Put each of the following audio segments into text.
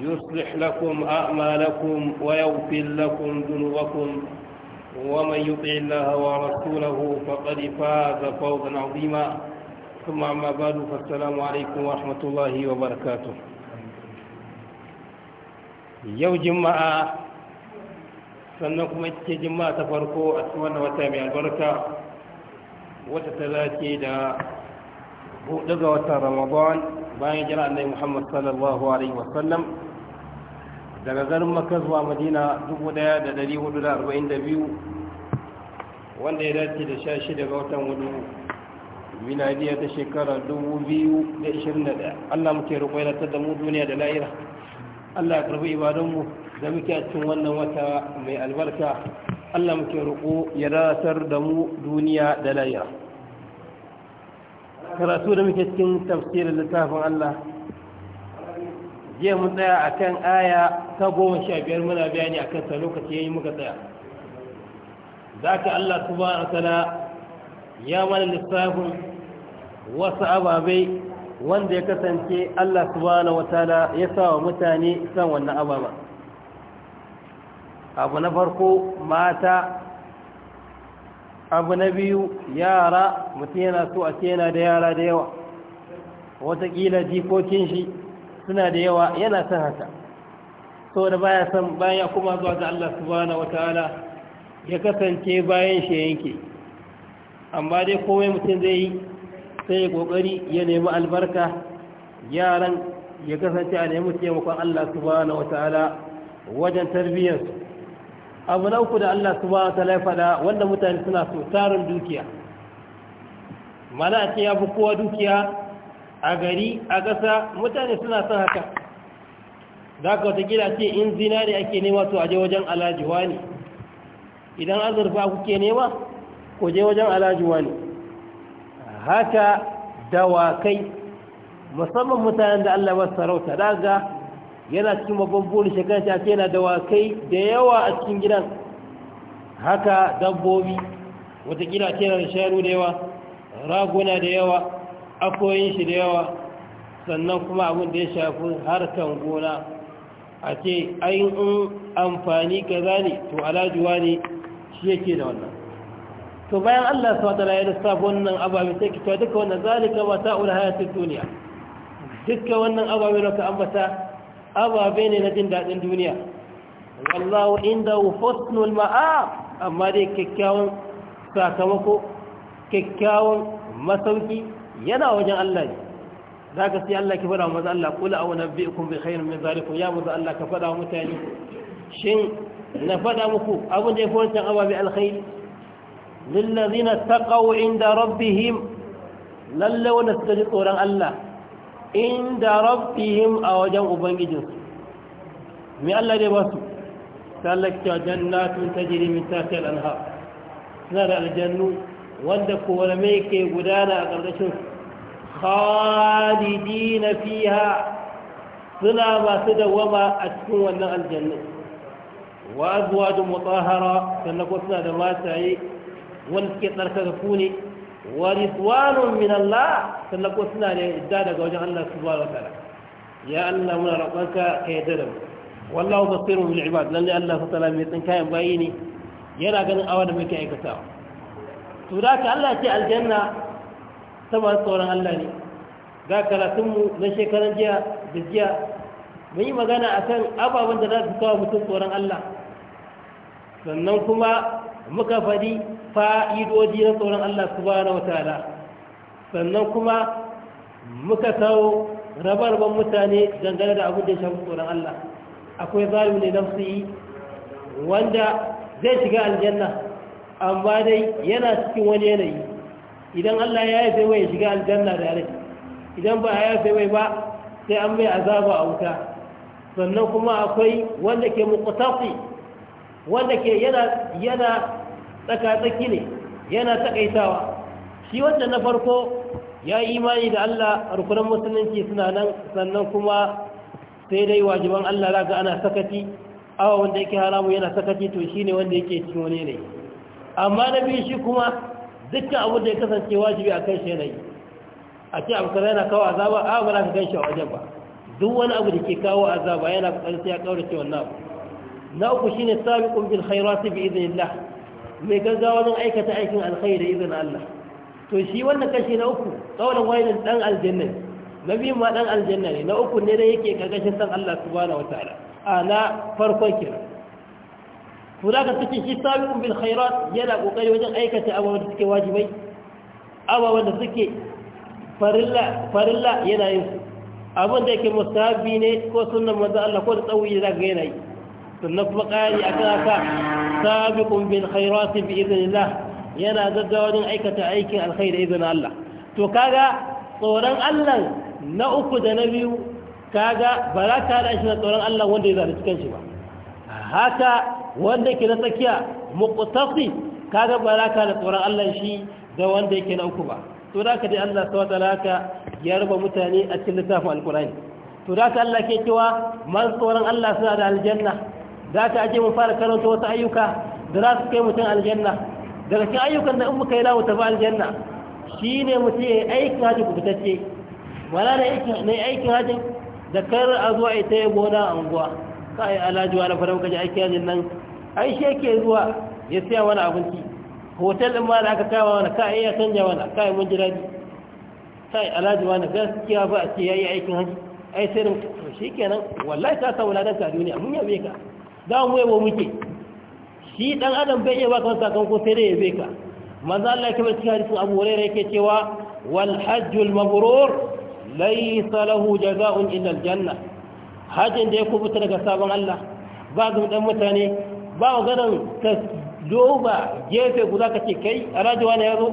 يصلح لكم أعمالكم ويغفر لكم ذنوبكم ومن يطع الله ورسوله فقد فاز فوزا عظيما ثم أما بعد فالسلام عليكم ورحمة الله وبركاته يوم جمعة سنكم kuma ita jimma ta farko a cikin wannan wata mai رمضان bayan jira annabi Muhammad sallallahu alaihi wasallam daga garin Makka zuwa Madina 1442 wanda ya dace da 16 ga watan hudu miladiya ta shekara 2021 Allah muke roƙo ya da mu duniya da lahira Allah ya karbi ibadanmu da muke cikin wannan wata mai albarka Allah muke roƙo ya ratar da mu duniya da lahira karatu da muke cikin tafsirin littafin Allah jiya mun tsaya a kan aya ta goma sha biyar muna bayani a kansa lokaci ya yi muka tsaya za ka Allah subhanahu ta'ala ya mana lissafin wasu ababai wanda ya kasance Allah subhanahu ta'ala ya sa wa mutane san wannan ababa abu na farko mata abu na biyu yara mutum yana so a ce yana da yara da yawa watakila jikokin shi suna da yawa yana son haka da baya son bayan ya kuma zuwa ga Allah subhanahu wataala ya kasance bayan shi yanke amma dai komai mutum zai yi sai ya kokari ya nemi albarka yaran ya kasance a nemi taimakon Allah subhanahu wataala wajen tarbiyyarsu abu na uku da Allah su wa ta laifada wanda mutane suna so tarin dukiya mana ce ya fi kowa dukiya a gari a ƙasa mutane suna son haka za ka watakila ce in zinari ake nema to aje wajen alajuwa ne idan azurfa kuke nema ko je wajen alajuwa ne haka dawakai musamman mutanen da Allah ba sarauta daga yana cikin babban buri shekara ta ce yana da wakai da yawa a cikin gidan haka dabbobi watakila ce yana da shanu da yawa raguna da yawa akoyin shi da yawa sannan kuma abin da ya shafi harkan gona a ce ainihin amfani kaza ne to alajuwa ne shi yake da wannan to bayan Allah su wata ya lissafa wannan ababe sai kita duka wannan zalika mata ula hayatun duniya duka wannan ababe da ka ambata ababe ne na jin daɗin duniya wallahu inda husnul ma'ab amma dai kyakkyawan sakamako kyakkyawan masauki yana wajen Allah ne za ka sai Allah ki faɗa maza Allah kula a wani bi kun bi khairin min zarifu. ya maza Allah ka faɗa mutane shin na faɗa muku abin da ya fi wancan ababe alkhairi lillazina taqaw inda rabbihim lalle wanda suka ji tsoron Allah inda rabbihim a wajen ubangijinsu mai Allah dai basu tallaka jannatun tajri min tahtiha al suna da aljannu wanda kowane ke gudana a ƙarƙashin khalidina fiha suna masu dawama a cikin wannan aljannu wa azwajun mutahhara sannan ko suna da mataye wanda suke tsarkaka ku ne wa ridwanun min Allah sannan ko suna ne idda daga wajen Allah subhanahu wataala ya Allah muna roƙonka ka yarda da mu wallahu basirun lil ibad lalle Allah ta'ala mai tsinkayen bayi ne yana ganin awa da muke aikata. to da ka Allah ce aljanna saboda tsoron Allah ne ga karatun mu na shekaran jiya da jiya mun yi magana akan ababen da za su kawo mutum tsoron Allah sannan kuma muka faɗi Fa'idodi na tsoron Allah su ba na wata sannan kuma muka sau rabarban mutane dangane da abin da ya shafi tsoron Allah akwai zalim ne yi wanda zai shiga aljanna amma dai yana cikin wani yanayi idan Allah ya yafe mai shiga aljanna da yare idan ba ya yafe mai ba sai an mai azaba a wuta sannan kuma akwai wanda ke muqtasi wanda ke yana yana tsaka-tsaki ne yana takaitawa shi wanda na farko ya yi imani da Allah a rukunan musulunci suna nan sannan kuma sai dai wajiban Allah raga ana sakati awa wanda yake haramu yana sakati to shi ne wanda yake cin wani ne amma na biyu shi kuma dukkan abu da ya kasance wajibi a kan shi yanayi a ce abu kaza yana kawo azaba a ba za ka gan shi a wajen ba duk wani abu da ke kawo azaba yana kokarin sai ya kaurace wannan abu na uku shine sabiqun bil khairati bi idnillah mai gaggawa don aikata aikin alkhairi izin Allah to shi wannan kashi na uku kaulan waidan dan aljanna ne, na biyu ma dan aljanna ne na uku ne da yake ƙarƙashin san Allah subhanahu wataala a na farkon kira to za ka tace shi sabiqun bil khairat yana kokari wajen aikata abubuwan da suke wajibai abubuwan da suke farilla farilla yana yin su abin da yake mustahabi ne ko sunnan manzo Allah ko da tsawi da ga yana yi sannan kuma kari akan haka sabiqun bil khairati bi idnillah yana gaggawa aikata aikin alkhairi izinin Allah to kaga tsoron Allah na uku da na biyu kaga ba za ka haɗa shi na tsoron Allah wanda ya zalunci kanshi ba haka wanda ke na tsakiya muqtasi kaga ba za ka haɗa tsoron Allah shi da wanda yake na uku ba to da ka dai Allah ta wata laka ya raba mutane a cikin littafin alkurani to da ka Allah ke cewa man tsoron Allah suna da aljanna za ta aje mun fara karanta wasu ayyuka da za su kai mutum aljanna daga cikin ayyukan da in muka yi lawa tafi aljanna ne mutum ya yi aikin hajji ku fitacce, wala na yi aikin hajji da kar a zuwa ita ya gona a unguwa yi alhaji wa fara ka ji aiki a nan ai shi yake zuwa ya siya wani abinci hotel din ma da aka kawo wani ka a ya canja wani kai mun ji daɗi yi alhaji wa gaskiya ba a ce ya yi aikin hajji ai sai da shi kenan wallahi ta sa wuladanka a duniya mun yabe ka za mu yabo muke shi dan adam bai iya baka sakamako sai dai ya bai ka manzo Allah ya kabar cikin hadisin Abu Hurairah yake cewa wal hajjul mabrur laysa lahu jazaa'un illa al janna hajjin da ya kubuta daga sabon Allah ba ga dan mutane ba ganin ka doba gefe guda kace kai alajuwa ne yazo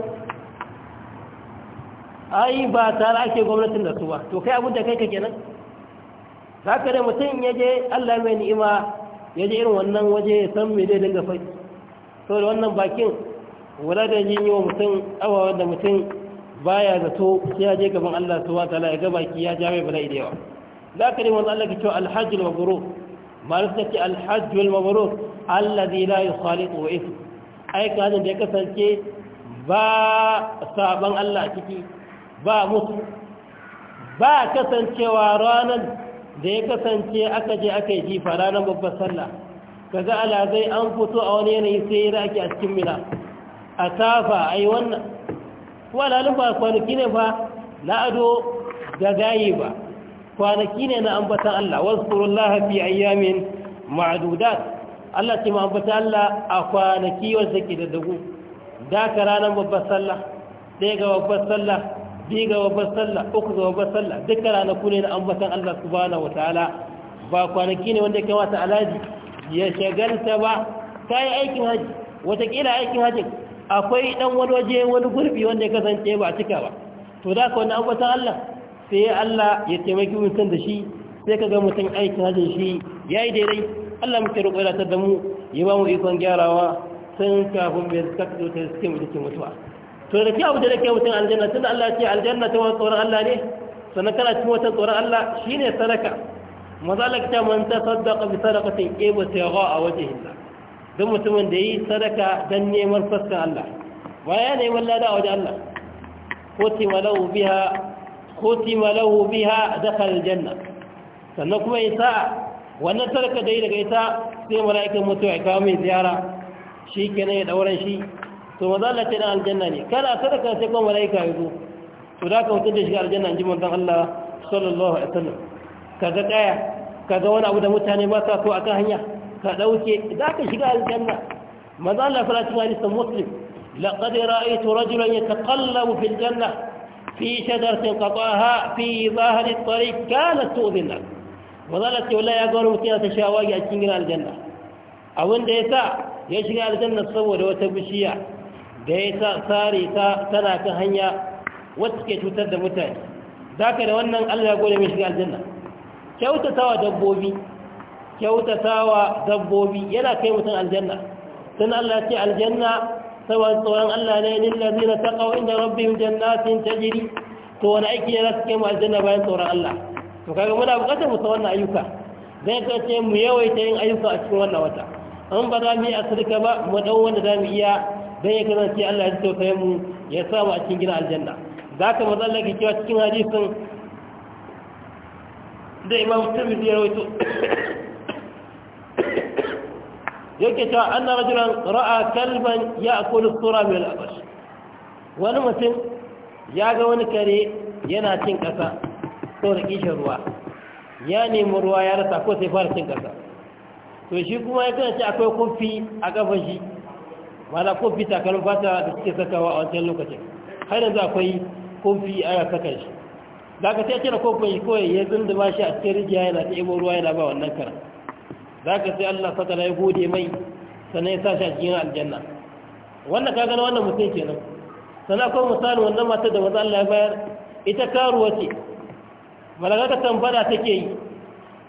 ai ba tare ake gwamnatin da su ba to kai abin da kai ka kenan za ka da mutum ya je Allah mai ni'ima ya je irin wannan waje ya san me zai dinga faɗi to da wannan bakin wadda da yin yi wa mutum awa da mutum baya zato sai ya je gaban Allah su wata ta'ala ya ga baki ya ja mai idewa da aka za ka ne wanda Allah ke cewa alhajjul al ma na suka ce alhajji al Allah allazi la yukhaliqu wa isu aika hajjin da ya kasance ba saban Allah ciki ba mutu ba kasancewa ranar da ya kasance aka je aka yi jifa ranar babbar sallah kaga alazai an fito a wani yanayi sai ya raki a cikin mina a tafa a yi wannan kuma lalin ba kwanaki ne ba na ado da gaye ba kwanaki ne na ambatan Allah wasu kurullah fi ayyamin ma'adudat Allah ce ma Allah a kwanaki wanda ke da dagu Daka ranar babbar sallah ɗaya ga babbar sallah bi ga babbar sallah uku ga babbar sallah dukkan ranaku ne na ambatan Allah subhanahu wataala ba kwanaki ne wanda ya kamata alhaji ya shagalta ba ta yi aikin haji watakila aikin haji akwai dan wani waje wani gurbi wanda ya kasance ba a cika ba to da ka wani ambatan Allah sai Allah ya taimaki mutum da shi sai ka ga mutum aikin hajin shi ya yi daidai Allah muke roƙo da ta damu ya ba mu ikon gyarawa sun kafin bai zaka ta suke mutuwa to da kyau da kyau mutum aljanna tunda Allah ce aljanna ta wani tsoron Allah ne sannan kana cikin wata tsoron Allah shine sadaka maza Allah ta man ta saddaqa bi sadaqatin qiba tayra a wajhi Allah duk mutumin da yi sadaka dan neman fuskar Allah baya ne wallahi da wajen Allah kotima lahu biha kotima lahu biha dakhala aljanna sannan kuma yasa wannan sadaka da yi daga ita sai mala'ikan mutuwa ya kawo mai ziyara shi kenan ya dauran shi to maza Allah ce ɗan aljanna ne kana sadaka sai kuma malaika ya zo to da ka wuce da shiga aljanna inji manzon Allah sallallahu alaihi wasallam kaga ka ga wani abu da mutane ba sa so akan hanya ka ɗauke. za ka shiga aljanna maza Allah fara cikin hadisin muslim laqad ra'aytu rajulan yataqallabu fil janna fi shajaratin qataha fi zahri at-tariq kanat tu'dhina maza Allah ce wallahi ya ga wani mutum ta shawagi a cikin aljanna abin da ya sa ya shiga aljanna saboda wata bishiya da ya sa tsari ta tana ta hanya wacce ke cutar da mutane za ka da wannan allah ya mai shiga aljanna kyautatawa dabbobi kyautatawa dabbobi yana kai mutum aljanna sun allah ce aljanna saboda tsoron allah ne lillazi na taƙawa inda rabbihim jannatin cajiri to wani aiki ne za su kai mu aljanna bayan tsoron allah to kaga muna buƙatar mu wannan ayyuka zai kace mu yawaita yin ayyuka a cikin wannan wata an ba za mu yi asirka ba mu dan wanda za mu iya dan ya kasance Allah ya tausaye mu ya sa mu a cikin gina aljanna zaka maza Allah ke cewa cikin hadisin da Imam Tirmidhi ya rawaito yake cewa anna rajulan ra'a kalban ya'kulu sura min al-abash wani mutum ya ga wani kare yana cin kasa ko da kishin ruwa ya nemi ruwa ya rasa ko sai fara cin kasa to shi kuma ya kasance akwai kufi a kafa shi mana kofi takalmin fata da suke sakawa a wancan lokacin har yanzu akwai kofi ana saka shi za ka sai cire kofin kawai ya zunduma shi a cikin rijiya yana ta ibo ruwa yana ba wannan kara za ka sai allah saka na ya gode mai sannan ya sa shi a cikin aljanna wannan ka gani wannan mutum kenan sannan akwai misali wannan matar da maza allah ya bayar ita karuwa ce malaka tambada take yi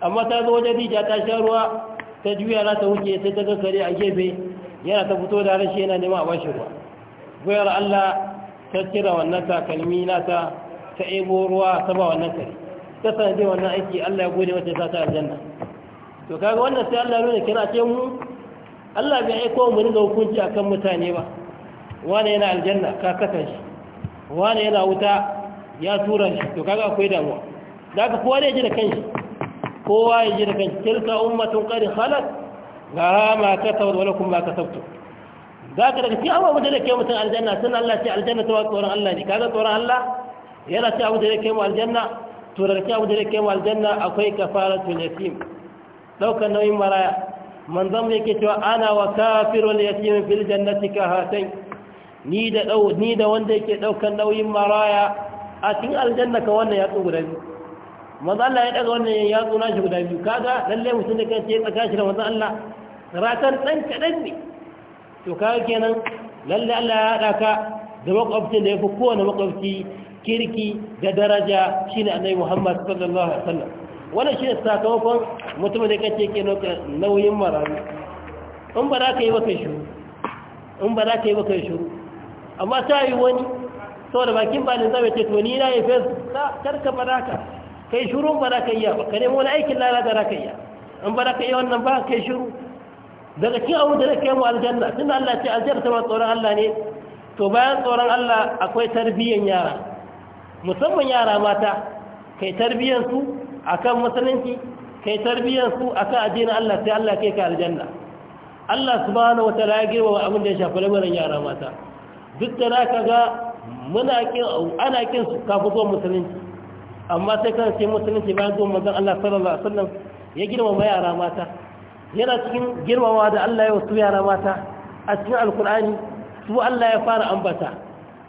amma ta zo wajen rijiya ta sha ruwa ta juya na ta wuce sai ta gaskare a gefe yana ta fito da rashi yana nema a bashi ruwa goyar Allah ta kira wannan takalmi na ta ebo ruwa ta ba wannan kare ta sanadai wannan aiki Allah ya gode wata ta ta aljanna to kaga wannan sai Allah nuna kira ce mu Allah bai aiko mu dinga hukunci akan mutane ba wani yana aljanna ka kasan shi wani yana wuta ya tura shi to kaga akwai damuwa da ka kowa ne ji da kanshi kowa ya ji da kanshi tilka ummatun qad khalat gara ma ka sabar wani kuma ka sabtu za ka daga cikin abubuwan da ke mutum aljanna sun Allah ce aljanna ta tsoron Allah ne kaga tsoron Allah yana ce abu da ke mu aljanna to daga cikin abu da ke mu aljanna akwai kafaratul yatim daukar nauyin maraya manzon yake cewa ana wa kafirul yatim fil jannati ka hatain ni da dau ni da wanda yake daukar nauyin maraya a cikin aljanna ka wannan ya tsugu da biyu manzo Allah ya daga wannan ya tsuna shi guda biyu kaga lalle mutum da kai ya tsaka shi da manzo Allah ratar ɗan kaɗan ne to kaga kenan lalle Allah ya haɗa ka da makwabcin da ya fi kowane makwabci kirki da daraja shi shine annabi Muhammad sallallahu alaihi wasallam shi ne sakamakon mutum da kace ke nauyin marayu in ba za ka yi baka shiru in ba za ka yi baka shiru amma ta yi wani saboda bakin balin zai ce to ni na yi fes karka ba za ka kai shuru, ba za ka iya ba ka nemo wani aikin lalata za ka yi in ba za ka iya wannan ba kai shuru. daga cikin abu da zai mu aljanna tunda Allah ce aljanna ta tsoron Allah ne to bayan tsoron Allah akwai tarbiyyar yara musamman yara mata kai tarbiyyar su akan musulunci kai tarbiyyar su akan addinin Allah sai Allah ke ka aljanna Allah subhanahu wataala ya girma abin da ya shafi lamarin yara mata duk da naka ga muna kin ana kin su ka zuwa musulunci amma sai kan sai musulunci bayan zuwa manzon Allah sallallahu alaihi wasallam ya girma yara mata yana cikin girmama da Allah ya wasu yara mata a cikin alkur'ani su Allah ya fara ambata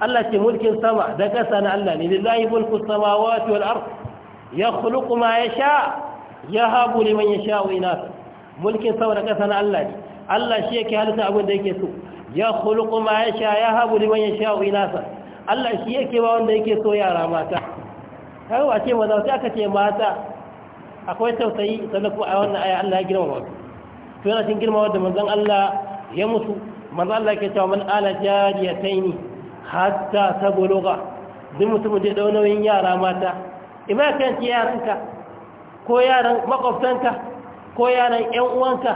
Allah ce mulkin sama da ƙasa na Allah ne lillahi mulku samawati wal ard ya khuluqu ma yasha yahabu liman yasha wa inas mulkin sama da ƙasa na Allah ne Allah shi yake halitta abin da yake so ya khuluqu ma yasha yahabu liman yasha wa inas Allah shi yake ba wanda yake so yara mata kai wace maza sai aka ce mata akwai tausayi sannan kuma a wannan aya Allah ya girmama su to yana cikin girma wadda manzan Allah ya mutu manzan Allah ke cewa man ala jariyataini hatta tabluga zai mutum da dau nauyin yara mata ima ya ci yaranka ko yaran makwabtanka ko yaran 'yan uwanka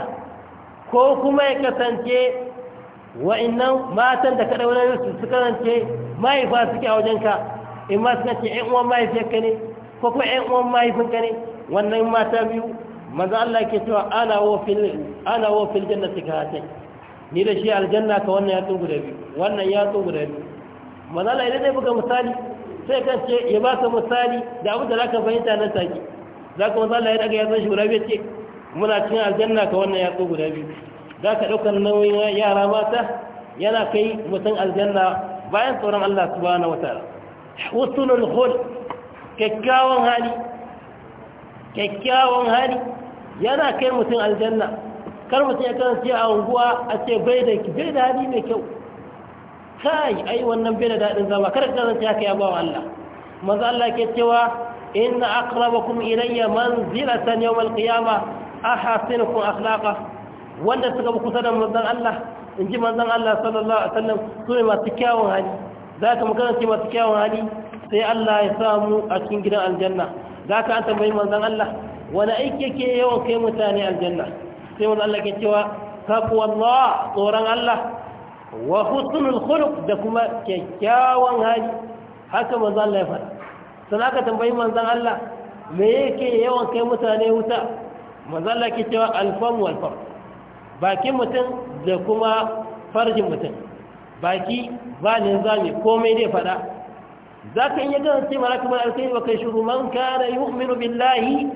ko kuma ya kasance wa'annan matan da ka wani su su kasance mahaifa suke a wajenka in ma suka ce ƴan uwan mahaifiyarka ne ko kuma ƴan uwan mahaifinka ne wannan mata biyu manzo Allah ke cewa ana wa fil ana wa fil jannati kahatai ni da shi aljanna ka wannan yatsun guda biyu wannan yatsun guda biyu manala idan zai buga misali sai kan ce ya ba ka misali da abu da za ka fahimta nan take za ka manala ya daga yatsun shi guda biyu ce muna cikin aljanna ka wannan yatsun guda biyu za ka ɗaukar nauyin yara mata yana kai mutum aljanna bayan tsoron Allah subhanahu wa ta'ala husnul khul kyakkyawan hali kyakkyawan hali yana kai mutum aljanna kar mutum ya kasance a unguwa a ce bai da bai da hali mai kyau kai ai wannan bai da daɗin zama kar ka kasance haka ya ba wa Allah manzo Allah ke cewa inna aqrabakum ilayya manzilatan yawm al ahasinukum akhlaqa wanda suka bi kusa da manzon Allah in ji manzon Allah sallallahu alaihi wasallam su ne masu kyawun hali za ka magana masu kyawun hali sai Allah ya samu a cikin gidan aljanna za ka an tambayi manzon Allah wani aiki yake yawan kai mutane aljanna sai wanda Allah ke cewa taqwallah tsoron Allah wa husnul khuluq da kuma kyakkyawan hali haka manzo Allah ya faɗa sai aka tambayi manzon Allah me yake yawan kai mutane wuta manzo Allah ke cewa alfam wal fam bakin mutum da kuma farjin mutum baki ba ne zami komai dai faɗa Za ka iya ganin sai malaka mal alkai wa kai shuru man kana yu'minu billahi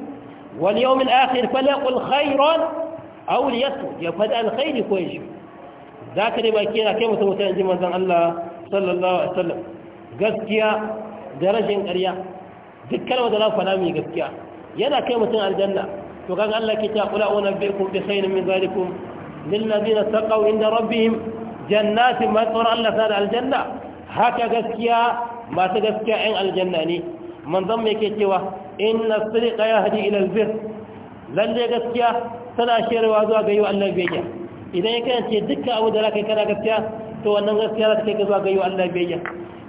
wal yawmil akhir falyaqul khairan awul yasu ya faɗi alkhairi ko shi za ka dai baki yana kai mutum mutum ji manzan Allah sallallahu alaihi wasallam gaskiya da rashin ƙarya duk kalma da za faɗa mai gaskiya yana kai mutum aljanna to kaga Allah ke ta kula wa nabiyukum bi khairin min zalikum lil ladina taqaw inda rabbihim jannatin ma tsara Allah ta da aljanna haka gaskiya masu gaskiya 'yan aljanna ne manzon mai ke cewa inna sirqa yahdi ila albir lalle gaskiya tana sherewa zuwa ga yi wa Allah biyayya idan ya kasance dukkan abu da za ka yi kana gaskiya to wannan gaskiya za ta kai ka zuwa ga yi wa Allah biyayya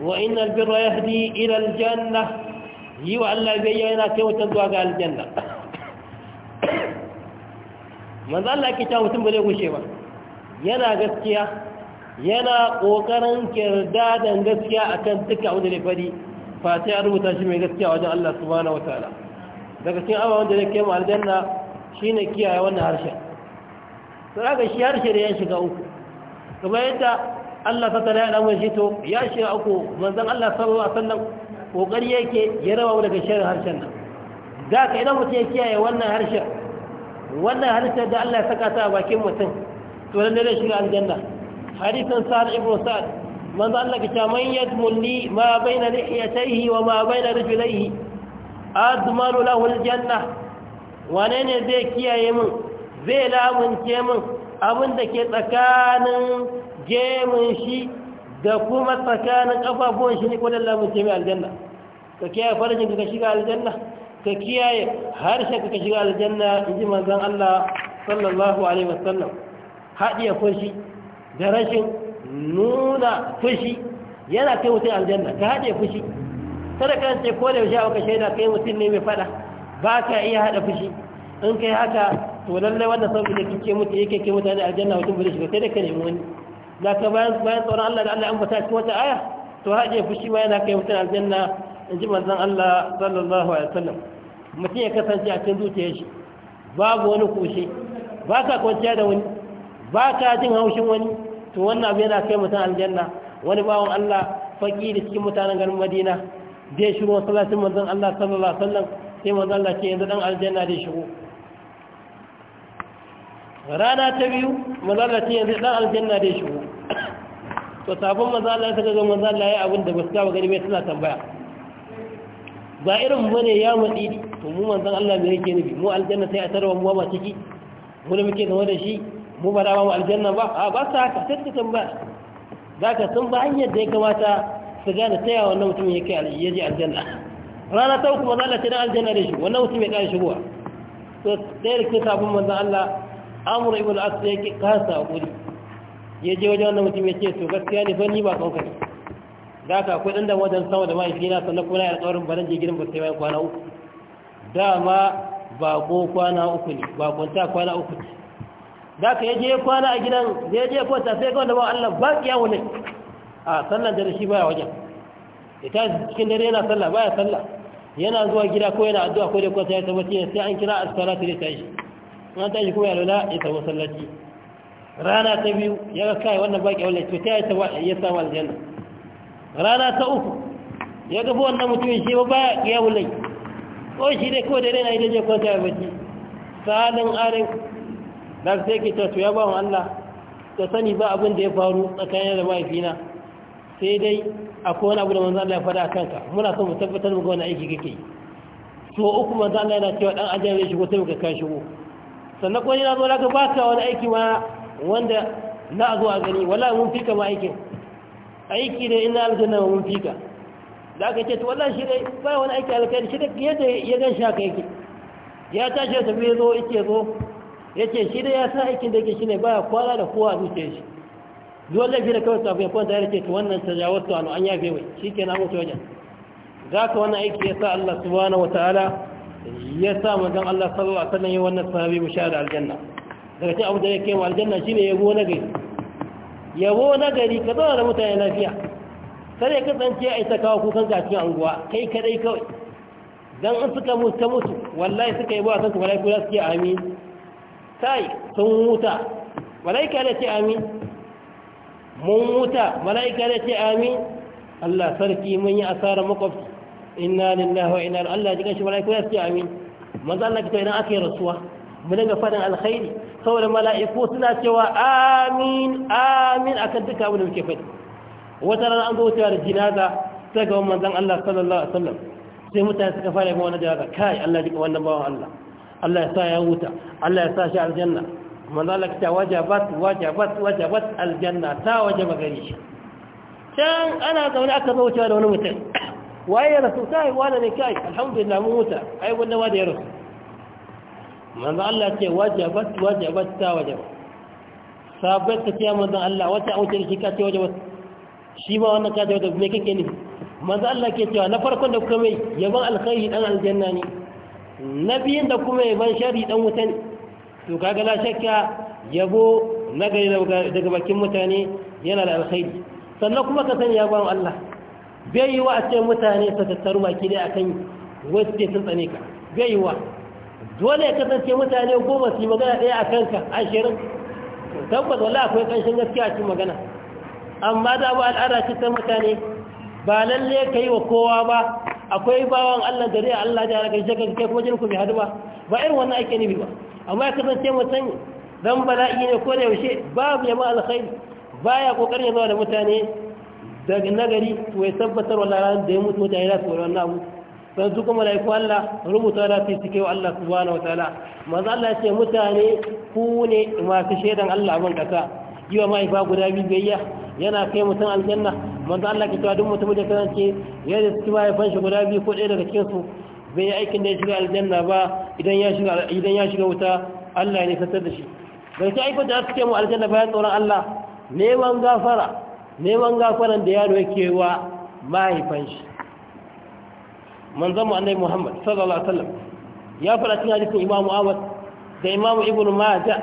wa innal birra yahdi ila aljanna yi wa Allah biyayya yana kai mutum zuwa ga aljanna manzo Allah yake cewa mutum ba zai gushe ba yana gaskiya yana kokarin kirdadan gaskiya akan duka abu da ya fadi fa sai a rubuta shi mai gaskiya wajen Allah subhanahu wataala daga cikin abawan da ya kai mu aljanna Shi ne kiyaye wannan harshen to daga shi harshe da yan shiga uku kuma yadda Allah ta tare da shi to ya shiga uku manzon Allah sallallahu alaihi wasallam kokari yake ya raba daga shirin harshen nan Za ka idan mutum ya kiyaye wannan harshen wannan harshen da Allah ya saka ta a bakin mutum to lalle zai shiga aljanna hadisin sa'ad ibn sa'ad manzo Allah ke ta man yadmulli ma baina lihiyatayhi wa ma baina rijlayhi admanu lahu aljanna wane ne zai kiyaye min zai lamunce min abin da ke tsakanin gemun shi da kuma tsakanin kafafuwan shi ne kudin lamunce mai aljanna ka kiyaye farjin ka shiga aljanna ka kiyaye harshe ka shiga aljanna in ji manzon Allah sallallahu alaihi wasallam haɗiya fushi da rashin nuna fushi yana kai mutum aljanna ka haɗiya fushi sadaka ce ko da yaushe aka shaida kai mutum ne mai fada ba ka iya hada fushi in kai haka to lallai wanda sauki da kike mutu yake ke mutane aljanna mutum ba zai shiga sai da ka nemi wani da ka bayan bayan tsoron Allah da Allah an fata cikin wata aya to haje fushi ma yana kai mutane aljanna in ji manzon Allah sallallahu alaihi wasallam mutum ya kasance a cikin zuciyar shi babu wani kushi. ba ka kwanciya da wani ba ka jin haushin wani to wannan abu yana kai mutum aljanna wani bawan Allah da cikin mutanen garin Madina zai shiru masallacin manzon Allah sallallahu alaihi wasallam sai manzo Allah ce yanzu dan aljanna zai shigo rana ta biyu manzo Allah ce yanzu dan aljanna zai shigo to sabon mazalla Allah ta ga mazalla Allah abin da basu ga gani mai suna tambaya ba irin mu ne ya matsi to mu manzon Allah ne yake nufi mu aljanna sai a tarwa mu ba ciki mu da muke zama da shi mu ba da mu aljanna ba a ba sa ka sai ka tambaya zaka san ba hanyar da ya kamata su gane ta yawa wannan mutum yake ya je aljanna rana ta kuma za Allah ce dan aljanna da shi wannan mutum ya ƙara shigowa to ɗaya da ke sabon manzan Allah amur ibn al-as ya kasa a guri ya je wajen wannan mutum ya ce to gaskiya ne fanni ba kankan ne da ka akwai ɗan da wajen sama da na sannan kuma ya tsawarin ba je gidan ba sai bayan kwana uku dama bako kwana uku ne kwanta kwana uku ne za ka yaje kwana a gidan da ya yaje kwanta sai kawai da ba Allah ba kiya wani a sallan da shi ya wajen ita cikin dare yana sallah baya sallah yana zuwa gida ko yana addu'a ko da kwata ya tabbata ne sai an kira as-salatu da tashi an tashi kuma ya lula ya tawo sallaci rana ta biyu ya ga kai wannan baki wallahi to ta ya samu aljanna rana ta uku ya ga wannan mutumin shi ba baya ya wulai ko shi dai ko dai na idaje kwanta ya baci salin arin da sai ki ta to ya ba mu Allah ta sani ba abin da ya faru tsakanin da fina sai dai akwai wani abu da manzan Allah ya fada kanka muna son mu tabbatar mu ga wani aiki kake so uku manzan Allah yana cewa dan ajiyar ya shigo sai ka kai shigo sannan kuma yana zo ba ka wani aiki ma wanda na zo a gani wallahi mun fika ma aikin aiki da ina aljanna mun fika da aka ce to wallahi shi dai ba wani aiki alkhairi shi dai yadda ya gan shi haka yake ya tashi ya tafi ya zo yake zo ya ce shi dai ya sa aikin da yake shi ne baya kwana da kowa a zuciyar shi duk laifi da kawai tafiya kwanta da yake to wannan tajawar to an yafe mai shi ke na mutu wajen za ka wannan aiki ya sa Allah subhanahu wataala ya sa manzon Allah sallallahu alaihi wasallam ya wannan sahabi da aljanna daga cikin abu da yake mu aljanna shine yabo na gari yabo na gari ka zauna da mutane lafiya kada ya kasance a ita kawo kukan kafin anguwa kai kadai kawai dan in suka mutu ta mutu wallahi suka yi ba san ku malaiku za su ce amin sai sun huta malaika ne ce amin mun wuta mala'ika da ce amin Allah sarki mun yi asarar makwabci inna lillahi wa inna ilaihi Allah jikan shi mala'iku ya ce amin manzo Allah fito idan aka yi rasuwa mun daga fadin alkhairi saboda mala'iku suna cewa amin amin akan duka abin da muke faɗi wata rana an zo wucewa da jinaza sai ga manzon Allah sallallahu alaihi wasallam sai mutane suka fara yi wannan jinaza kai Allah jika wannan bawan Allah Allah ya sa ya huta Allah ya sa shi aljanna manzalakta wajabat wajabat wajabat aljanna ta wajaba gari shi can ana zaune aka zo wucewa da wani mutum waye ya rasu ta yi wane ne kai alhamdulillah mun wuta ai wanda wa da ya rasu manzo Allah ce wajabat wajabat ta wajaba sabai ka ce manzo Allah wata auce shi ka ce wajabat shi ma wannan ka ce wajabat me kake nufi manzo Allah ke cewa na farkon da kuka mai yaban alkhairi dan aljanna ne na biyun da kuma yaban shari dan wuta ne to kaga na shakka yabo na gari daga bakin mutane yana da alkhairi sannan kuma ka sani yabon Allah bai yi wa a ce mutane su tattaru baki dai akan wasu ke sun tsane ka bai yi wa dole ya kasance mutane goma su yi magana ɗaya a kanka ashirin tabbas wallahi akwai ƙanshin gaskiya a cikin magana amma da ba al'ada ce ta mutane ba lalle ka yi wa kowa ba akwai bawan Allah da zai Allah ya raka shi kai kuma ku bai hadu ba ba irin wannan ake nufi ba amma ya kasance mutum dan bala'i ne ko da yaushe babu yamma alkhairi baya kokarin ya zama da mutane daga nagari to ya tabbatar wa ranar da ya mutu mutane za su wani wannan abu sai su kuma laifu Allah rubuta da su suke wa Allah subhanahu wataala Maza Allah ce mutane ku ne masu shaidan Allah abin kasa yi wa mahaifa guda biyu biyayya yana kai mutum aljanna manzo Allah ke cewa duk mutum da kasance ya da su mahaifan shi guda biyu ko ɗaya daga cikin bai yi aikin da ya shiga aljanna ba idan ya shiga wuta Allah ne fitar da shi bai ta aikata da suke mu aljanna bayan tsoron Allah neman gafara neman gafaran da yaro yake wa mahaifan shi manzon mu annabi Muhammad sallallahu alaihi wasallam ya fara cikin hadisin Imam Ahmad da Imam Ibn Majah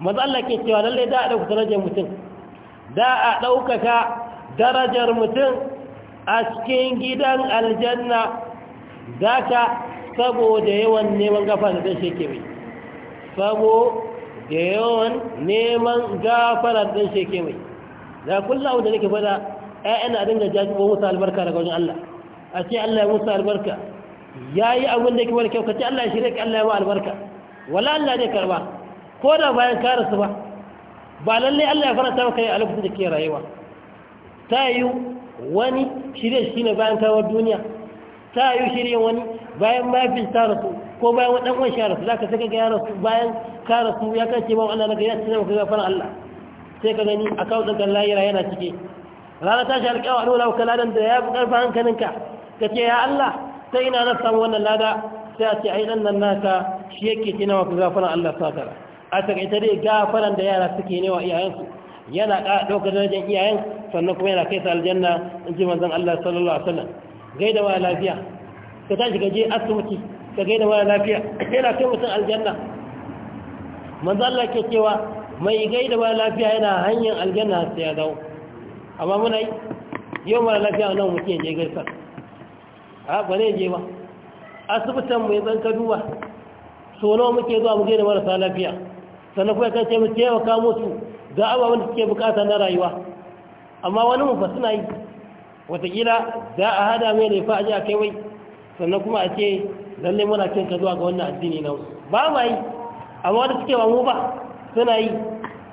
manzo Allah ke cewa lalle da a dauka darajar mutum da a daukaka darajar mutum a cikin gidan aljanna za ta saboda yawan neman gafara da zai sheke mai saboda yawan neman gafara da zai sheke mai da kulla wanda nake fada ƴaƴan a dinga jajibo musa albarka daga wajen Allah a ce Allah ya musa albarka ya yi abin da ke wani kyau ka ce Allah ya shirya Allah ya ma albarka wala Allah zai karba ko da bayan karasu ba ba lalle Allah ya faranta maka a lokacin da ke rayuwa ta yi wani shirye shi ne bayan kawar duniya ta yi shirya wani bayan mafin ta rasu ko bayan wani sha rasu za ka sai kaga ya rasu bayan ka rasu ya ce ba Allah daga ya ce zama kaga fara Allah sai ka gani a kawo ɗankan layira yana cike rana ta shi alƙawa alwala wa kaladan da ya fi ƙarfa hankalinka ka ce ya Allah ta ina na samu wannan lada sai a ce ai ɗan nan naka shi yake ce nawa kaga fara Allah tara a takaita dai gafaran da yara suke ne wa iyayensu yana ɗaukar darajar iyayen sannan kuma yana kai ta aljanna in ji manzon Allah sallallahu alaihi sallam gaida wa lafiya ka tashi ka je asibiti ka gaida wa lafiya yana kai mutum aljanna manzo Allah ke cewa mai gaida wa lafiya yana hanyar aljanna sai ya dawo amma muna yi yau mara lafiya nan mutum ya je gaisa a ba ne je ba asibitan mu ya zan ka duba so nawa muke zuwa mu gaida marasa lafiya sannan kuma kan ce mu taimaka musu ga abubuwan da suke bukata na rayuwa amma wani mu fa suna yi watakila za a hada mai laifa a ji a kai wai sannan kuma a ce lalle muna cin ka zuwa ga wannan addini na ba ma yi amma wata suke ba mu ba suna yi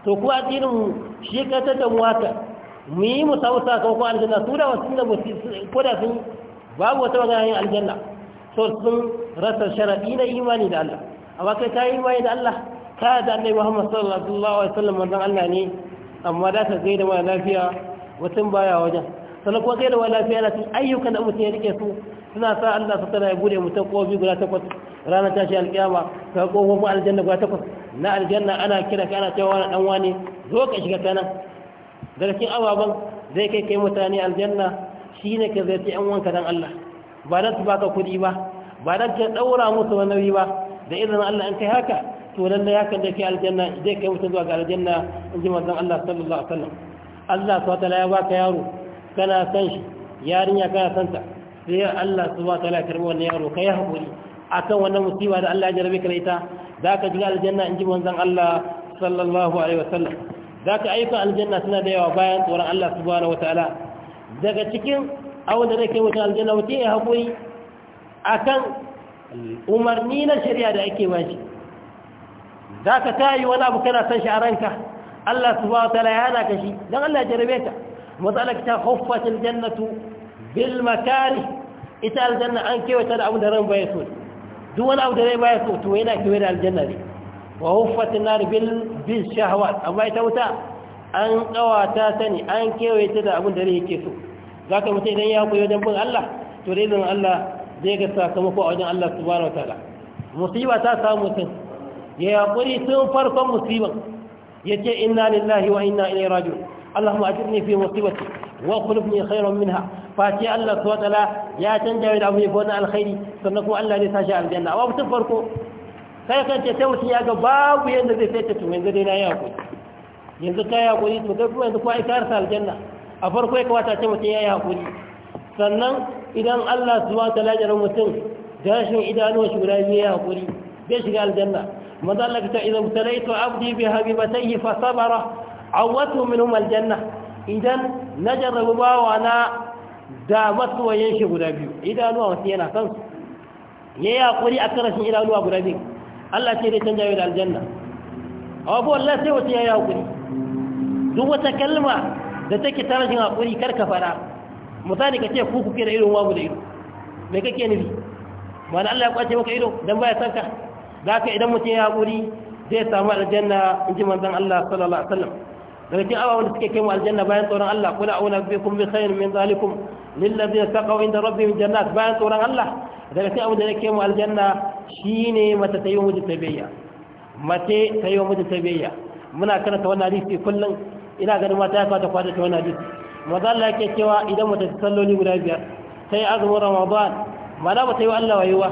to kuwa addinin mu shi ka ta da haka mu yi mu samu sakamakon aljanna su da wasu da ko da sun babu wata magana yin aljanna so sun rasa sharaɗi na imani da Allah amma kai ka yi imani da Allah ka da annabi Muhammad sallallahu alaihi wasallam wannan Allah ne amma da ta da mana lafiya mutum baya wajen sannan kuma kai da wani lafiya na cin ayyukan da mutum ya rike su suna sa Allah su tana ya bude mutum kofi guda takwas ranar tashi alƙiyama ka kofofin aljanna guda takwas na aljanna ana kira ka ana cewa wani ɗan wani zo ka shiga ta nan da cikin ababen zai kai kai mutane aljanna shine ka zai ci yan wanka dan Allah ba dan su baka kuɗi ba ba dan ka ɗaura musu wani nauyi ba da idan Allah an kai haka to lalle ya kan da kai aljanna zai kai mutum zuwa ga aljanna in ji manzon Allah sallallahu alaihi wasallam Allah subhanahu ya baka yaro kana san shi yarinya kana san ta sai Allah subhanahu wataala ya karbi wannan yaro kai hakuri akan wannan musiba da Allah ya jarabe ka da ita zaka ji aljanna in ji manzon Allah sallallahu alaihi wasallam zaka aika aljanna suna da yawa bayan tsoron Allah subhanahu wataala daga cikin awon da zai kai wuta aljanna wuce ya hakuri akan umarni na shari'a da ake bashi zaka tayi wani abu kana san shi a ranka Allah subhanahu wataala ya hana ka shi dan Allah ya jarabe ka matsalar ta huffatin jannatu bil makari ita aljanna an kewata da abu da ran baya so duk wani abu da rai baya so to yana kewaye da aljanna ne wa huffatin na bil bil shahawat amma ita wuta an kawata ta ne an kewaye ta da abin da rai yake so za ka mutu idan ya koyi wajen bin Allah to rai Allah zai ga sakamako a wajen Allah subhanahu wataala musiba ta samu mutum ya yaƙuri tun farkon musiban ya ce inna lillahi wa inna ilaihi raji'un Allahumma اللهم أجرني في مصيبتي واخلفني خيرا منها فاتي الله سبحانه وتعالى ya تنجا da abu ne wannan alkhairi sannan kuma Allah zai sa shi aljanna amma mutum farko kai kan ce sai mutum ya ga babu yanda zai fita to yanzu dai na yi hakuri yanzu kai hakuri to kai kuma yanzu kuma ai karsa aljanna a farko ya kawata ce mutum ya yi hakuri sannan idan Allah subhanahu wa ta'ala ya mutum da rashin idanuwa shi guda biyu ya hakuri zai shiga aljanna manzo Allah ta idan mutalaitu abdi bi habibatihi fa sabara awwatu minhum aljanna idan na ruba wa na da masoyan shi guda biyu idanuwa wasu yana san ya yi haƙuri a karashin idanuwa guda biyu Allah ce zai canja yau da aljanna a wafi wallah sai wasu ya yi haƙuri duk wata kalma da take ta rashin haƙuri kar ka fara misali ka ce ku kuke da irin wabu da ido mai kake nufi mana Allah ya kwace maka ido don baya san ka za ka idan mutum ya haƙuri zai samu aljanna in ji manzon Allah sallallahu alaihi wasallam daga cikin ababen da suke kai aljanna bayan tsoron Allah kula auna bikum bi khairin min zalikum lil ladina taqaw inda rabbihim jannat bayan tsoron Allah daga cikin abin da yake mu aljanna shine mata tayi mu tabiya mace tayi mu tabiya muna karanta wannan hadisi kullum ina ganin mata ya fata kwata ta wannan hadisi maza Allah yake cewa idan mata ta salloli guda biyar sai azumin Ramadan mana ba ta yi Allah wayuwa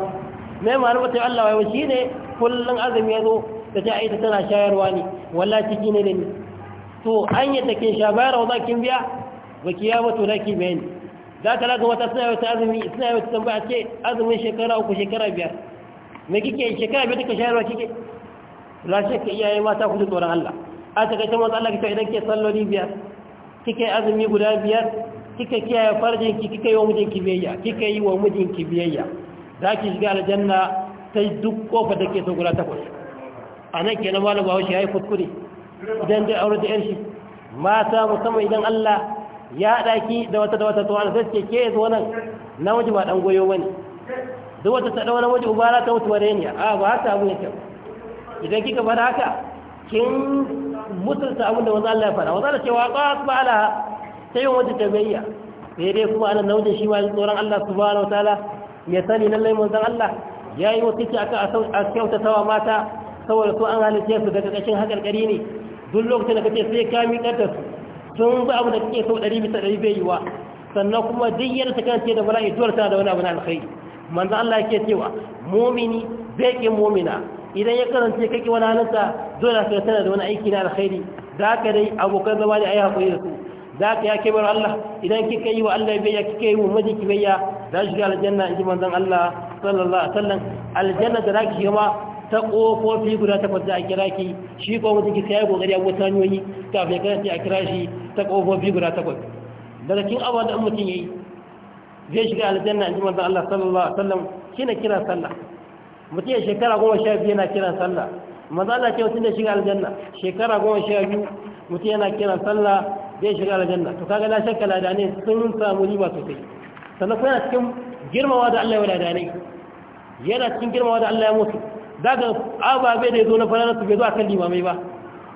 me ma ba ta yi Allah wayuwa shine kullum azumi ya zo ta ce ai tana shayarwa ne wallahi ciki ne da ni to an yi take sha bayar wa kin biya ba ki yawa to zaki bayani za ka laga wata suna yawata azumi suna yawata tambaya ce azumin shekara uku shekara biyar me kike shekara biyar duka shayarwa kike la shakka iyaye mata ku tsoron Allah a kaita manzo Allah kike idan ke salloli biyar kike azumi guda biyar kike kiyaye farjin ki kike yi wa mijinki biyayya kike yi wa mijinki biyayya ki shiga aljanna ta duk kofa take so guda takwas A nan kenan malam bahaushe ya yi kuskure Idan da aure da yar shi mata musamman idan Allah ya ki da wata da wata to Allah sai ke yazo nan namiji ba ɗan goyo ne. duk wata ta wani namiji ubara ta mutu bare ne a ba haka abu kyau. idan kika fara haka kin mutunta abin da wanzu Allah ya fara da cewa ba su ba ala ta yi bayya sai dai kuma na namijin shi ma tsoron Allah na wata ya sani na lallai zan Allah Ya yi wasiki akan a kyautatawa mata saboda su an halice su daga kashin hakarkari ne duk lokacin da kace sai ka miƙar da su sun ba abu da kake so ɗari bisa ɗari bai yiwa sannan kuma duk yadda ta kance da bala'i duwar ta da wani abu na alkhairi manzo Allah yake cewa mumini zai ƙi mumina idan ya karanta kake wani halinta dole ka tana da wani aiki na alkhairi za ka dai abokan zama ne a yi haƙuri da su za ka ya kebar Allah idan kika yi wa Allah biyayya kike yi wa majiki biyayya za shiga aljanna in ji manzon Allah sallallahu alaihi wasallam aljanna da za ki ma ta ƙofofi guda takwas da a kira ki shi ko mutum ki sai gogari abu ta hanyoyi kafin a kira shi ta ƙofofi guda takwas daga cikin abuwa da mutum ya yi, zai shiga aljanna in ji manzon Allah sallallahu alaihi wasallam na kira sallah mutum ya shekara goma sha biyu yana kiran sallah manzon Allah ce mutum da shiga aljanna shekara goma sha biyu mutum yana kiran sallah zai shiga aljanna to kaga na shakka la ne sun samu riba sosai sannan kuma yana cikin girmawa da Allah ya wada ne yana cikin girmawa da Allah ya mutu za ka ababe da ya zo na fara su bai zo a kan limamai ba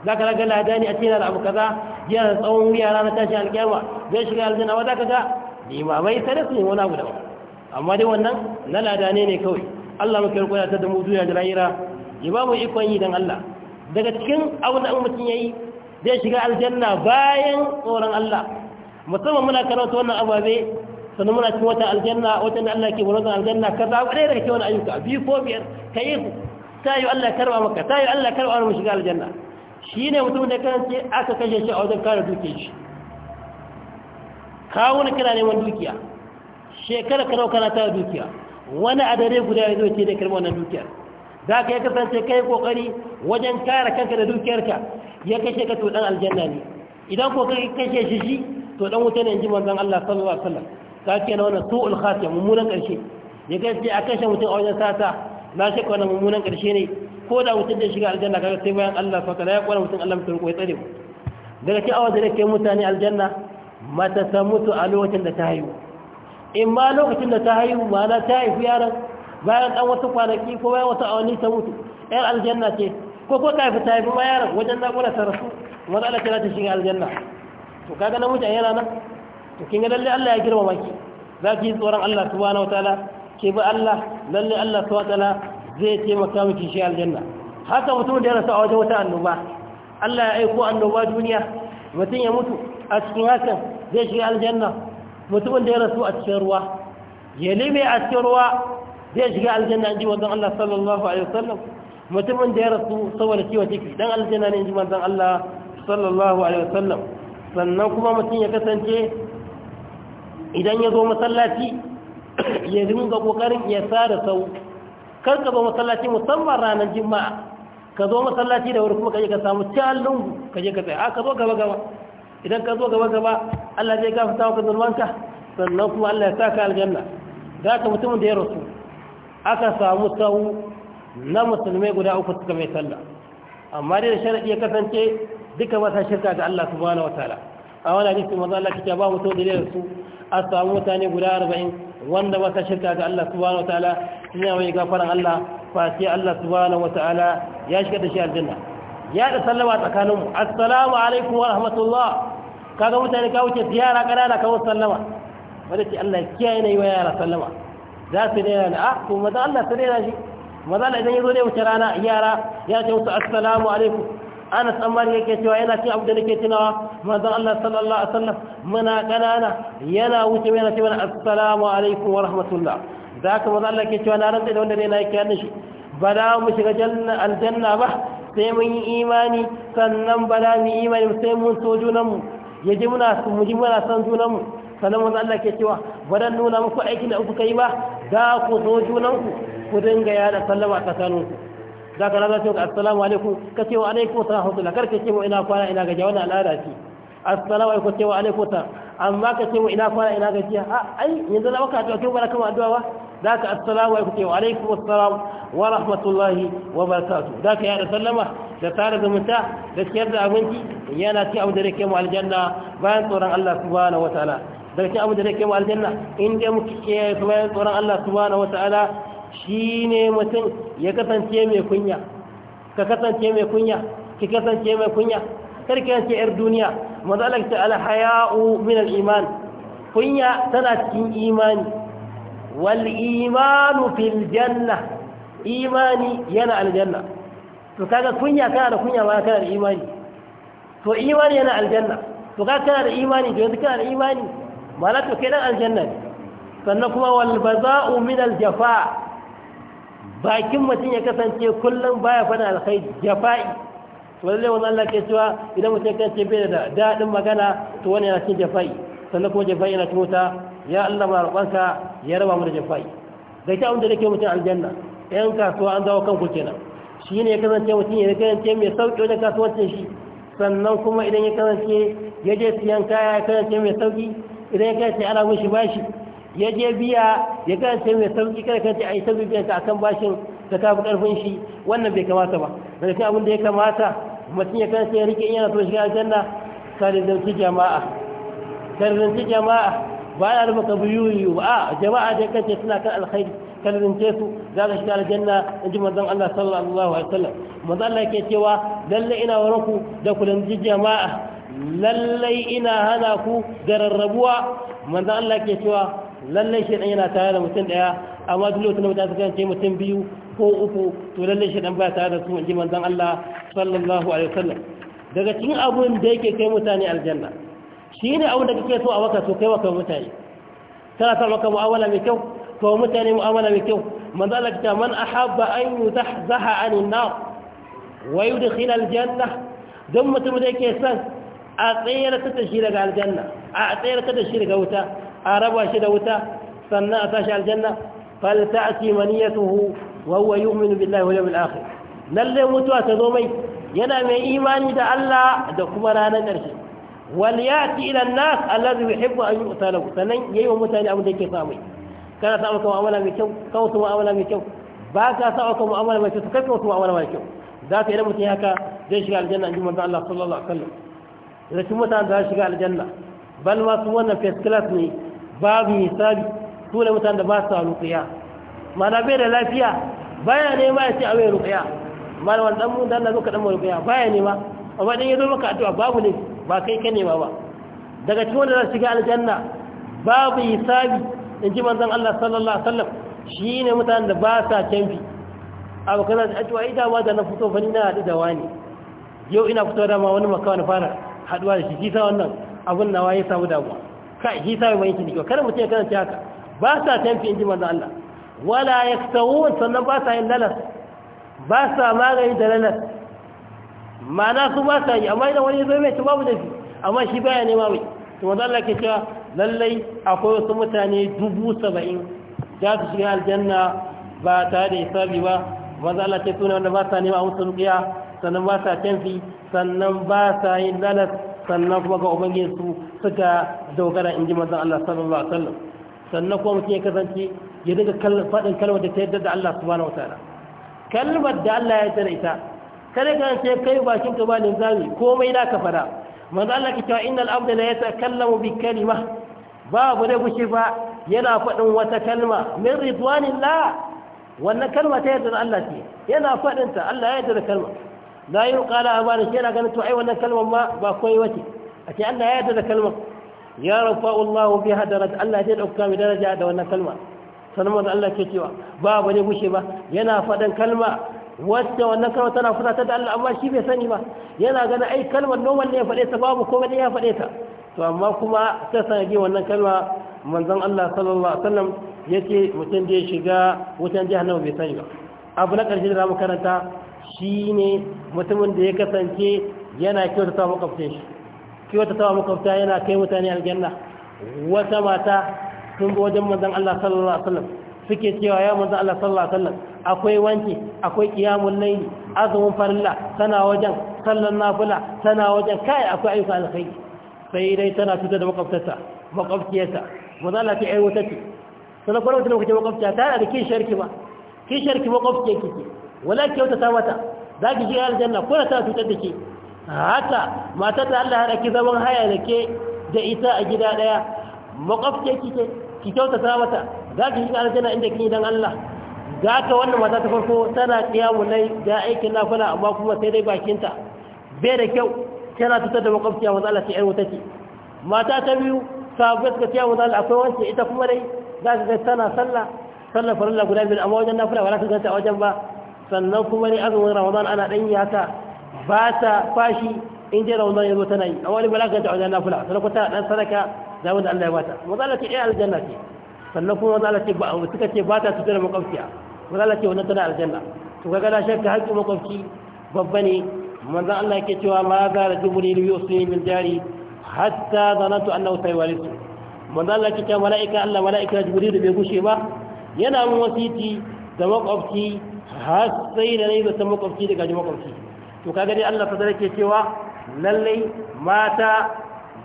za ka raga ladani a ce yana da abu kaza yana da tsawon wuya ranar tashin alkiyama zai shiga aljanna wa za ka ga limamai sai su ne wani abu daban amma dai wannan na ladane ne kawai Allah muke rikon ta da mu duniya da lahira ya ba mu ikon yi dan Allah daga cikin abin da mutum ya yayi zai shiga aljanna bayan tsoron Allah musamman muna karanta wannan ababe sannan muna cikin wata aljanna wata da Allah ke wani aljanna ka zaɓa ɗaya daga cikin wani ayyuka biyu ko biyar ka yi ta yi Allah karba maka ta yi Allah karba mu shiga aljanna shine mutum da kansa aka kashe shi a wajen kare dukiyar shi kawo ne kana neman dukiya shekara kana kana tara dukiya wani adare guda ya zo ce da karba wannan dukiyar za ka yi kasance kai kokari wajen kare kanka da dukiyarka ya kashe ka to dan aljanna ne idan ko kai kashe shi shi to dan wuta ne in ji manzon Allah sallallahu alaihi wasallam ka kenan wannan su'ul khatim mummunan karshe ya gaske a kashe mutum a wajen sata na shakka wannan mummunan ƙarshe ne ko da mutum da shiga aljanna kaga sai bayan Allah fa kana ya kwana mutum Allah mutum ko ya tsare mu daga cikin awon da ne kai mutane aljanna mata ta mutu a lokacin da ta haihu in ma lokacin da ta haihu ma'ana ta haifi yaran bayan ɗan wasu kwanaki ko bayan wasu awanni ta mutu yar aljanna ce ko ko ta haifi ta haifi ma yaran wajen na naƙuda ta rasu wanda Allah ta shiga aljanna to kaga na a yana nan to kin ga lalle Allah ya girmama ki za ki yi tsoron Allah subhanahu wataala ke bi Allah lalle Allah ta'ala zai taimaka miki shi aljanna haka mutum da ya rasu a wajen wata annoba Allah ya aiko annoba duniya mutum ya mutu a cikin hakan zai shiga aljanna mutumin da ya rasu a cikin ruwa ya lime a cikin ruwa zai shiga aljanna in ji wanzan Allah sallallahu alaihi wasallam mutumin da ya rasu saboda ciwon ciki dan aljanna ne in ji wanzan Allah sallallahu alaihi wasallam sannan kuma mutum ya kasance idan ya zo masallaci ya dinga kokarin ya sada sau kar ka zo masallaci musamman ranar juma'a ka zo masallaci da wuri kuma ka je ka samu callon ka je ka tsaya a ka zo gaba gaba idan ka zo gaba gaba Allah zai gafarta maka zulmanka sannan kuma Allah ya saka aljanna da ka mutumin da ya rasu aka samu sau na musulmai guda uku suka mai sallah amma dai da sharadi ya kasance duka mata shirka ga Allah subhanahu wataala a wani hadisi maza Allah kike ba mutum dalilin su a samu mutane guda arba'in wanda ba ta shirka ga Allah subhanahu wataala suna mai gafaran Allah fa Allah subhanahu wataala ya shiga da shi aljanna ya da sallama tsakanin mu assalamu alaikum wa rahmatullah kaga mutane ka wuce ziyara kanana kawo sallama wanda ce Allah kiyaye ne wa yara sallama za su daina na ah to maza Allah su daina shi maza Allah idan ya zo ne wuce rana yara ya ce musu assalamu alaikum anas ammar yake cewa yana cin abu da nake tunawa manzon Allah sallallahu alaihi wasallam muna kanana yana wuce yana cewa assalamu alaikum wa rahmatullah da haka manzon Allah yake cewa na rantsa da wanda ne na yake hannun shi ba da mu shiga janna aljanna ba sai mun yi imani sannan ba da mu imani sai mun so junan mu yaji muna su mu ji muna san junan mu sannan manzon Allah yake cewa ba dan nuna muku aikin da kuka yi ba da ku so junan ku ku dinga yada sallama tsakaninku za ka rana ce ka assalamu alaikum ka ce wa alaikum ta rahmatullah kar ka ce wa ina kwana ina gajiya Wani al'ada ce assalamu alaikum ce wa alaikum ta amma ka ce wa ina kwana ina gajiya a ai yanzu na maka addu'a kai ba kama addu'a ba za ka assalamu alaikum ce wa alaikum assalam wa rahmatullahi wa barakatuh za ka yada sallama da tare da zumunta da ciyar da abinci yana ci abu da rike mu aljanna bayan tsoron Allah subhanahu wataala daga cikin abin da rike mu aljanna in dai muke kiyaye bayan tsoron Allah subhanahu wataala shi ne mutum ya kasance mai kunya ka kasance mai kunya ki kasance mai kunya karki yanke yar duniya mazalakta alhaya'u min al-iman kunya tana cikin imani wal imanu fil janna imani yana aljanna to kaga kunya kana da kunya ba kana da imani to imani yana aljanna to kaga kana da imani to yanzu kana da imani malaka kai dan aljanna ne sannan kuma wal baza'u min jafa bakin mutum ya kasance kullum baya fada alkhairi jafa'i to lalle wannan Allah ke cewa idan mutum ya kasance bai da dadin magana to wani yana cikin jafa'i sannan kuma jafa'i yana cikin wuta ya Allah ma roƙonka ya raba mu da jafa'i da ta wanda nake mutum aljanna yan kasuwa an dawo kanku kenan shi ne ya kasance mutum ya kasance mai sauƙi wajen kasuwancin shi sannan kuma idan ya kasance ya je siyan kaya ya kasance mai sauƙi idan ya kasance ana mishi shi bashi ya je biya ya kada sai mai sauki kada kace ai sabbi biya ta akan bashin ta kafi karfin shi wannan bai kamata ba Daga cikin abin da ya kamata mutum ya kansa ya rike yana to shiga aljanna karizanci jama'a karizanci jama'a ba ya rubuta biyuyu a jama'a da kace suna kan alkhairi karizance su za ka shiga aljanna in ji manzon Allah sallallahu alaihi wasallam manzon Allah yake cewa lalle ina waranku da ku kulanci jama'a lallai ina hana ku da rarrabuwa manzon Allah yake cewa lallai shi ɗan yana tare da mutum ɗaya, amma duk lokacin da mutane suka ce mutum biyu ko uku to lallai shi ɗan ba tare da su inji manzon Allah sallallahu alaihi wasallam daga cikin abun da yake kai mutane aljanna shine abun da kake so a waka so kai waka mutane kana son maka mu'amala mai kyau to mutane mu'amala mai kyau manzon Allah ta man ahabba an yutahzaha anin nar wa yudkhil aljanna dan mutum da yake son a tsayar ta shi daga aljanna a tsayar ta shi daga wuta a raba shi da wuta sannan a tashi aljanna fal ta'ti maniyatuhu wa huwa yu'minu billahi wal yawmil lalle mutuwa ta zo mai yana mai imani da Allah da kuma ranar ƙarshe wal ci ila an-nas alladhi yuhibbu an yu'ta lahu sannan yi wa mutane abin da yake sa mai kana sa maka mu'amala mai kyau ka wasu mu'amala mai kyau ba ka sa maka mu'amala mai kyau ka wasu mu'amala mai kyau za ka yi mutum haka zai shiga aljanna in ji manzo Allah sallallahu alaihi wasallam da shi mutane za su shiga aljanna bal ma su wannan first class ne babu misali su ne mutane da ba su ruƙiya mana bai da lafiya baya ne ya ce a mai ruƙiya mana wani ɗan mun danna zuka ɗan mai ruƙiya baya ma amma ɗan yi zo maka addu'a babu ne ba kai ka nema ba daga cikin wanda za su shiga aljanna babu misali in ji manzon Allah sallallahu alaihi wasallam ne mutanen da ba sa canfi abu kana da addu'a ita ma da na fito fa ni na haɗu da wani yau ina fito da ma wani makawa na fara haɗuwa da shi kisa wannan abun nawa ya samu damuwa kai shi sai mai kiki kar kada mutum ya ci haka ba sa tanfi inji manzo Allah wala yaktawun sannan ba sa yin lalas ba sa magani da lalas ma'ana su ba sa yi amma idan wani zo mai tubabu babu da shi amma shi baya nema mai to manzo Allah ke cewa lallai akwai wasu mutane dubu da za su shiga aljanna ba tare da hisabi ba manzo Allah ke tuna wanda ba sa nema musu ruqiya sannan ba sa tanfi sannan ba sa yin lalas sannan kuma ga ubangiji su suka dogara in ji manzon Allah sallallahu alaihi wasallam sannan kuma mutum ya kasance ya daga faɗin kalmar da ta yadda da Allah subhanahu wataala kalmar da Allah ya tare ita kare kan ce kai bakin ka ba linzami komai da ka fada manzo Allah ki cewa innal abda la yatakallamu bi kalima babu da gushi ba yana faɗin wata kalma min ridwanillah wannan kalma ta yadda da Allah ce yana faɗin ta Allah ya yadda da kalma za yi kala a bani shi yana ganin to ai wannan kalmar ma ba koyi wace a ce Allah ya yarda da kalmar ya rafa Allah bi hadarat Allah ya dauka mi daraja da wannan kalma sanan manzo Allah ke cewa ba ba ne gushe ba yana fadan kalma wacce wannan kalma tana fusata da Allah amma shi bai sani ba yana ganin ai kalmar normal ne ya fade ta babu komai da ya fade ta to amma kuma ta sanadi wannan kalma manzon Allah sallallahu alaihi wasallam yake mutum da ya shiga wutan jahannama bai sani ba abu na karshe da za mu karanta shi ne mutumin da ya kasance yana kyautata makwabta shi kyautata makwabta yana kai mutane aljanna wata mata sun zo wajen manzon Allah sallallahu alaihi wasallam suke cewa ya manzon Allah sallallahu alaihi wasallam akwai wanki akwai qiyamul layli azumin farilla tana wajen sallan nafila tana wajen kai akwai ayyuka alkhairi sai dai tana cutar da makwabtarta makwabciyarta manzon Allah ta aiwata ce sanan kwarar da kuke makwabciya ta da kin sharki ba kin sharki makwabciyar kike wala kyautata mata za ki je aljanna ko ta cutar da ke haka matar da Allah ya ki zaman haya da ke da ita a gida ɗaya makwabce kike ki kyautata mata za ki shiga aljanna inda kin dan Allah Ga ka wannan mata ta farko tana tsiyamu lai ga aikin nafila amma kuma sai dai bakinta bai da kyau tana tutar da makwabciya wanda Allah ce ƴar wuta ce mata ta biyu sabu suka ce wanda Allah akwai wance ita kuma dai za ka ga tana sallah sallah farilla guda biyu amma wajen nafila ba za ta ganta a wajen ba sannan kuma ne azumin ramadan ana ɗan yi haka ba ta fashi in je ramadan ya zo tana yi a wani balaga ta wajen nafula sannan kuma tana ɗan sadaka da wanda Allah ya bata mazala ce ɗaya eh, aljanna ce sannan kuma mazala ce ba suka ce ba ta tutar makwabciya mazala ce wannan tana aljanna to kaga da shakka haƙƙin makwabci babba ne manzon Allah yake cewa ma za da jibril yusini min jari hatta zanantu annahu sayawalisu manzon Allah yake cewa mala'ika Allah mala'ika jibril bai gushe ba yana mun wasiti da makwabci har sai da yi zaton makwabci da gaji makwabci to kaga dai Allah fa yake cewa lallai mata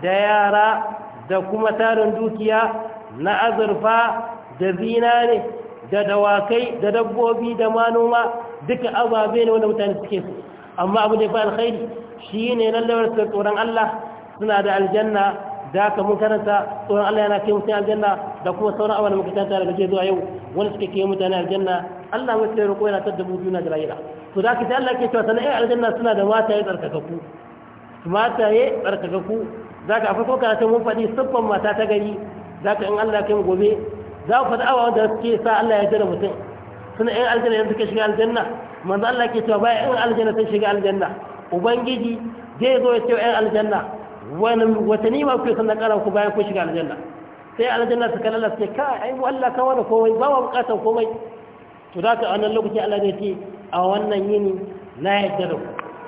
da yara da kuma tarin dukiya na azurfa da zinari, da dawakai da dabbobi da manoma duka ababe ne wanda mutane suke su amma abu da ya fi alkhairi shi ne lallawar su tsoron Allah suna da aljanna da aka mun karanta tsoron Allah yana kai mutane aljanna da kuma sauran abu da muka tantara da ke zuwa yau wanda suke kai mutane aljanna Allah mai kai roƙo yana tar da mu na da lahira to da ka sai Allah ke cewa sanan ai aljanna suna da mataye tsarkakaku mataye tsarkakaku Za ka akwai ko karatu mun faɗi siffan mata ta gari Za ka in Allah kai gobe za ku faɗi awa wanda suke sa Allah ya jira mutum suna ai aljanna yanzu ka shiga aljanna manzo Allah ke cewa bai in aljanna sun shiga aljanna ubangiji zai zo ya ce ai aljanna wani wata nima ku san da karan ku bayan ku shiga aljanna sai aljanna suka lalace ka ai mu Allah ka wani komai ba wa bukatar komai to za ka anan lokaci Allah zai ce a wannan yini na yadda da ku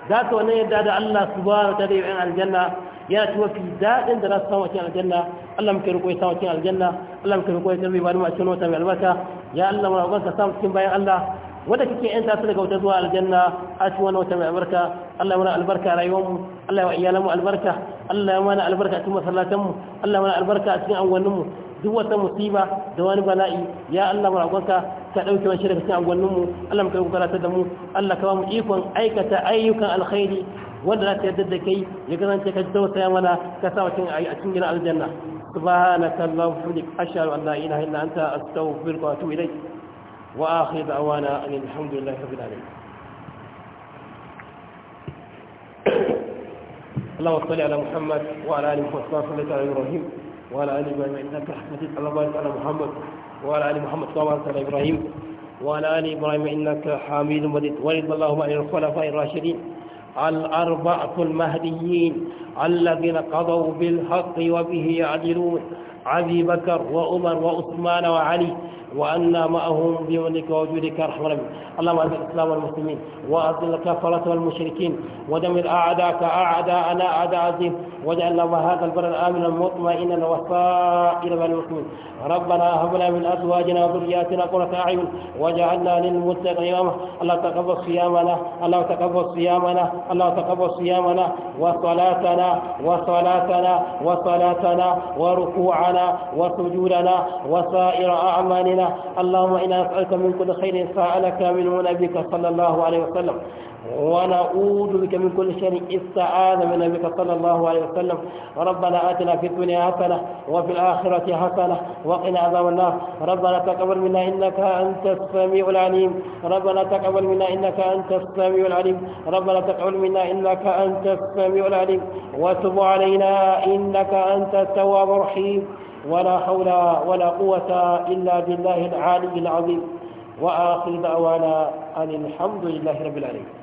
za ka wannan yadda da Allah su subhanahu ta da yawan aljanna ya ci mafi daɗin da za su samu a cikin aljanna Allah muke riko ya samu a cikin aljanna Allah muke riko ya tarbi ba a cikin wata mai albarka ya Allah mu roƙon ka samu cikin bayan Allah wanda kake yanta su daga wata zuwa aljanna a cikin wani wata mai albarka Allah mu albarka a rayuwarmu Allah ya wa iyalanmu albarka Allah ya mana albarka a cikin masallatanmu Allah ya mana albarka a cikin anguwanninmu duk wata musiba da wani bala'i ya Allah mu roƙon ka dauke wani shirka cikin angwanninmu Allah muka yi kukarata da mu Allah ka ba mu ikon aikata ayyukan alkhairi wanda za ta yadda da kai ya kasance ka tausaya mana ka sa mutum a cikin gidan aljanna سبحانك اللهم وبحمدك أشهد أن لا إله إلا أنت أستغفرك وأتوب إليك وآخر دعوانا أن الحمد لله رب العالمين اللهم صل على محمد وعلى آل محمد صلى الله عليه وسلم وعلى آل إبراهيم إنك حميد الله بارك على محمد وعلى آل محمد صلى الله عليه إبراهيم وعلى آل إبراهيم إنك حميد مجيد ورد اللهم عن الخلفاء الراشدين الأربعة المهديين الذين قضوا بالحق وبه يعدلون أبي بكر وعمر وعثمان وعلي وأنا معهم بعونك ووجودك ارحم الراحمين اللهم اعز الاسلام والمسلمين واذل الكفره والمشركين ودمر اعداءك اعداءنا اعداء الدين واجعل لهم هذا البلد امنا مطمئنا وسائر بني المسلمين ربنا هب لنا من ازواجنا وذرياتنا قرة اعين واجعلنا للمتقين الله تقبل صيامنا الله تقبل صيامنا الله تقبل صيامنا وصلاتنا وصلاتنا وصلاتنا وركوعنا وسجودنا وسائر اعمالنا اللهم إنا نسألك من كل خير سألك من نبيك صلى الله عليه وسلم ونعوذ بك من كل شر استعاذ من نبيك صلى الله عليه وسلم ربنا آتنا في الدنيا حسنة وفي الآخرة حسنة وقنا عذاب النار ربنا تقبل منا إنك أنت السميع العليم ربنا تقبل منا إنك أنت السميع العليم ربنا تقبل منا إنك أنت السميع العليم وتب علينا إنك أنت التواب الرحيم ولا حول ولا قوة إلا بالله العالي العظيم وآخر دعوانا أن الحمد لله رب العالمين